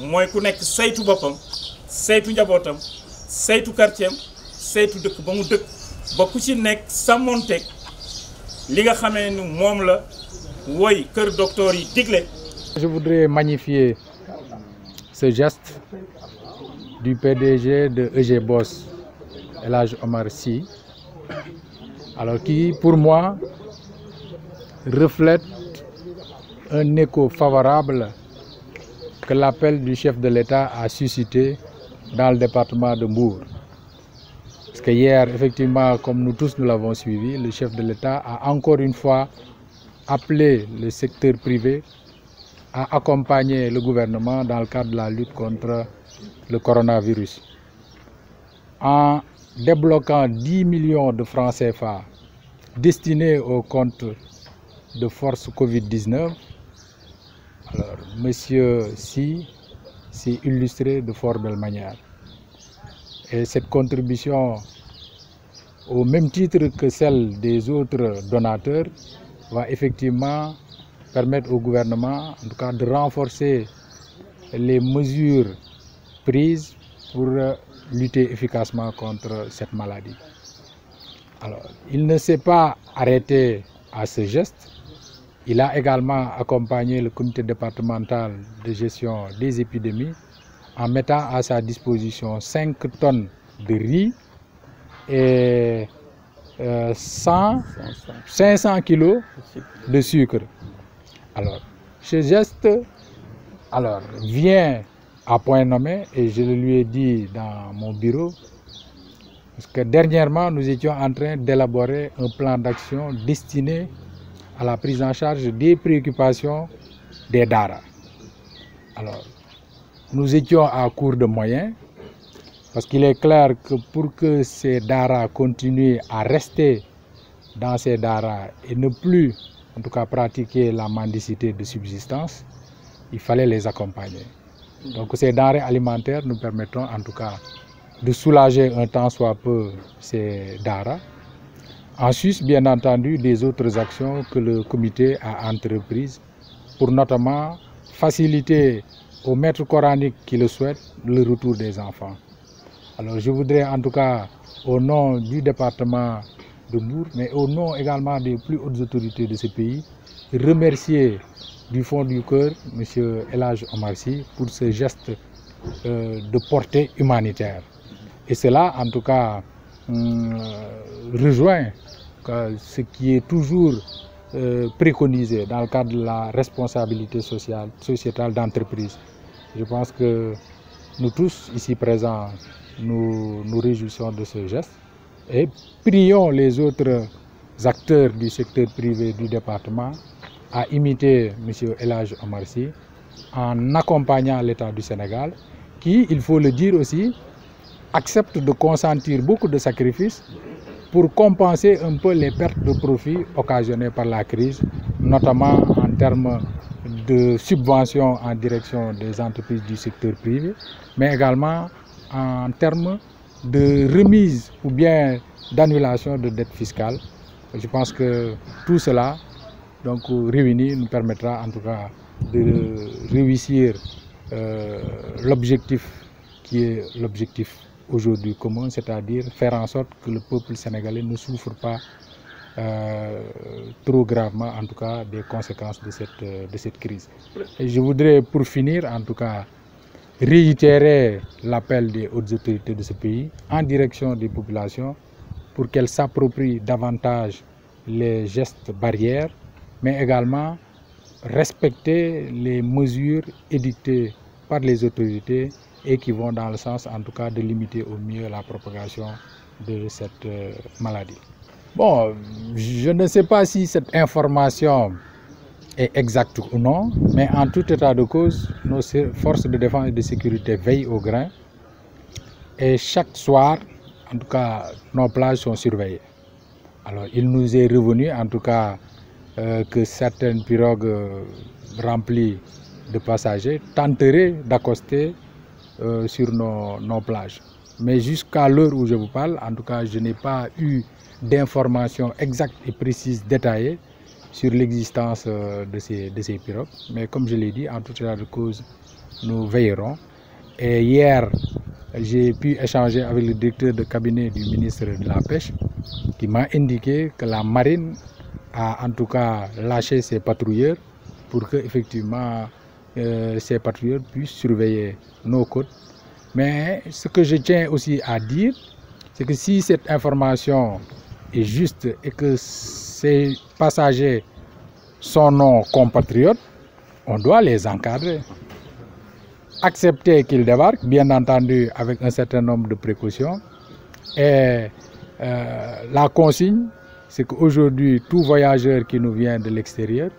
moy ku nek saytu bopam saytu njabotam saytu quartier am saytu dëkk ba mu dëkk ba ku ci nekk sàmmoonteeg li nga xamé ni mom la woy keur docteur yi diglé Je voudrais magnifier ce geste du PDG de EG Boss, Elage Omar Sy, alors qui pour moi reflète un écho favorable que l'appel du chef de l'État a suscité dans le département de Mbour. Parce que hier, effectivement, comme nous tous nous l'avons suivi, le chef de l'État a encore une fois appelé le secteur privé à accompagner le gouvernement dans le cadre de la lutte contre le coronavirus. En débloquant 10 millions de francs CFA destinés au compte de force COVID-19, alors, Monsieur Si s'est illustré de fort belle manière. Et cette contribution, au même titre que celle des autres donateurs, va effectivement permettre au gouvernement, en tout cas, de renforcer les mesures prises pour lutter efficacement contre cette maladie. Alors, il ne s'est pas arrêté à ce geste, il a également accompagné le comité départemental de gestion des épidémies en mettant à sa disposition 5 tonnes de riz et 500 euh, kilos de sucre. Alors, ce geste alors, vient à point nommé et je le lui ai dit dans mon bureau parce que dernièrement, nous étions en train d'élaborer un plan d'action destiné à la prise en charge des préoccupations des DARA. Alors, nous étions à court de moyens, parce qu'il est clair que pour que ces DARA continuent à rester dans ces DARA et ne plus, en tout cas, pratiquer la mendicité de subsistance, il fallait les accompagner. Donc ces denrées alimentaires nous permettront en tout cas de soulager un temps soit peu ces DARA, en Suisse, bien entendu, des autres actions que le comité a entreprises pour notamment faciliter aux maîtres coraniques qui le souhaitent le retour des enfants. Alors je voudrais en tout cas, au nom du département de Bourg, mais au nom également des plus hautes autorités de ce pays, remercier du fond du cœur M. Elage Omarcy pour ce geste euh, de portée humanitaire. Et cela, en tout cas, euh, rejoint ce qui est toujours euh, préconisé dans le cadre de la responsabilité sociale, sociétale d'entreprise. Je pense que nous tous ici présents, nous nous réjouissons de ce geste et prions les autres acteurs du secteur privé du département à imiter M. Elage Amarsi en accompagnant l'État du Sénégal qui, il faut le dire aussi, accepte de consentir beaucoup de sacrifices pour compenser un peu les pertes de profit occasionnées par la crise, notamment en termes de subventions en direction des entreprises du secteur privé, mais également en termes de remise ou bien d'annulation de dettes fiscales. Je pense que tout cela, donc réuni, nous permettra en tout cas de réussir euh, l'objectif qui est l'objectif aujourd'hui commun, c'est-à-dire faire en sorte que le peuple sénégalais ne souffre pas euh, trop gravement, en tout cas, des conséquences de cette, euh, crise. je voudrais, pour finir, en tout cas, réitérer l'appel des hautes autorités de ce pays en direction des populations pour qu'elles s'approprient davantage les gestes barrières, mais également respecter les mesures édictées par les autorités et qui vont dans le sens en tout cas de limiter au mieux la propagation de cette euh, maladie. Bon, je ne sais pas si cette information est exacte ou non, mais en tout état de cause, nos forces de défense et de sécurité veillent au grain et chaque soir, en tout cas, nos plages sont surveillées. Alors, il nous est revenu, en tout cas, euh, que certaines pirogues euh, remplies de passagers tenteraient d'accoster euh, sur nos, plages. Mais jusqu'à l'heure où je vous parle, en tout cas, je n'ai pas eu d'informations exactes et précises, détaillées sur l'existence euh, de, ces, de pirogues. Mais comme je l'ai dit, en tout la de cause, nous veillerons. Et hier, j'ai pu échanger avec le directeur de cabinet du ministre de la Pêche qui m'a indiqué que la marine a en tout cas lâché ses patrouilleurs pour que effectivement ces euh, patriotes puissent surveiller nos côtes. Mais ce que je tiens aussi à dire, c'est que si cette information est juste et que ces passagers sont nos compatriotes, on doit les encadrer. Accepter qu'ils débarquent, bien entendu avec un certain nombre de précautions. Et euh, la consigne, c'est qu'aujourd'hui, tout voyageur qui nous vient de l'extérieur,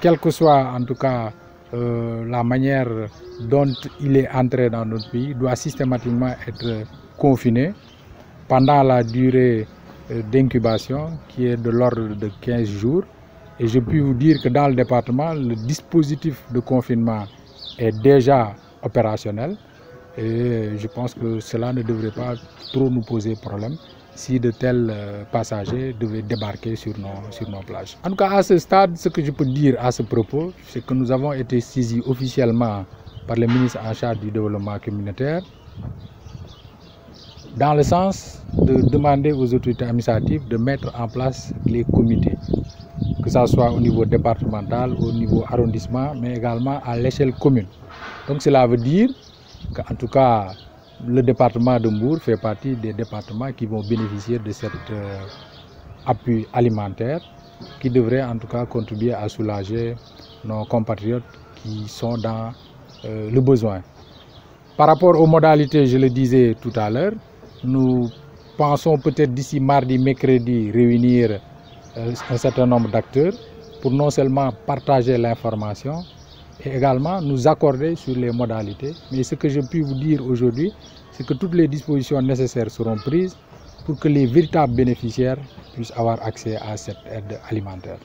quel que soit en tout cas euh, la manière dont il est entré dans notre pays doit systématiquement être confiné pendant la durée euh, d'incubation qui est de l'ordre de 15 jours. Et je puis vous dire que dans le département, le dispositif de confinement est déjà opérationnel et je pense que cela ne devrait pas trop nous poser problème si de tels euh, passagers devaient débarquer sur nos, sur nos plages. En tout cas, à ce stade, ce que je peux dire à ce propos, c'est que nous avons été saisis officiellement par le ministre en charge du développement communautaire dans le sens de demander aux autorités administratives de mettre en place les comités, que ce soit au niveau départemental, au niveau arrondissement, mais également à l'échelle commune. Donc cela veut dire qu'en tout cas, le département de fait partie des départements qui vont bénéficier de cet euh, appui alimentaire qui devrait en tout cas contribuer à soulager nos compatriotes qui sont dans euh, le besoin. Par rapport aux modalités, je le disais tout à l'heure, nous pensons peut-être d'ici mardi, mercredi réunir euh, un certain nombre d'acteurs pour non seulement partager l'information, et également nous accorder sur les modalités. Mais ce que je puis vous dire aujourd'hui, c'est que toutes les dispositions nécessaires seront prises pour que les véritables bénéficiaires puissent avoir accès à cette aide alimentaire.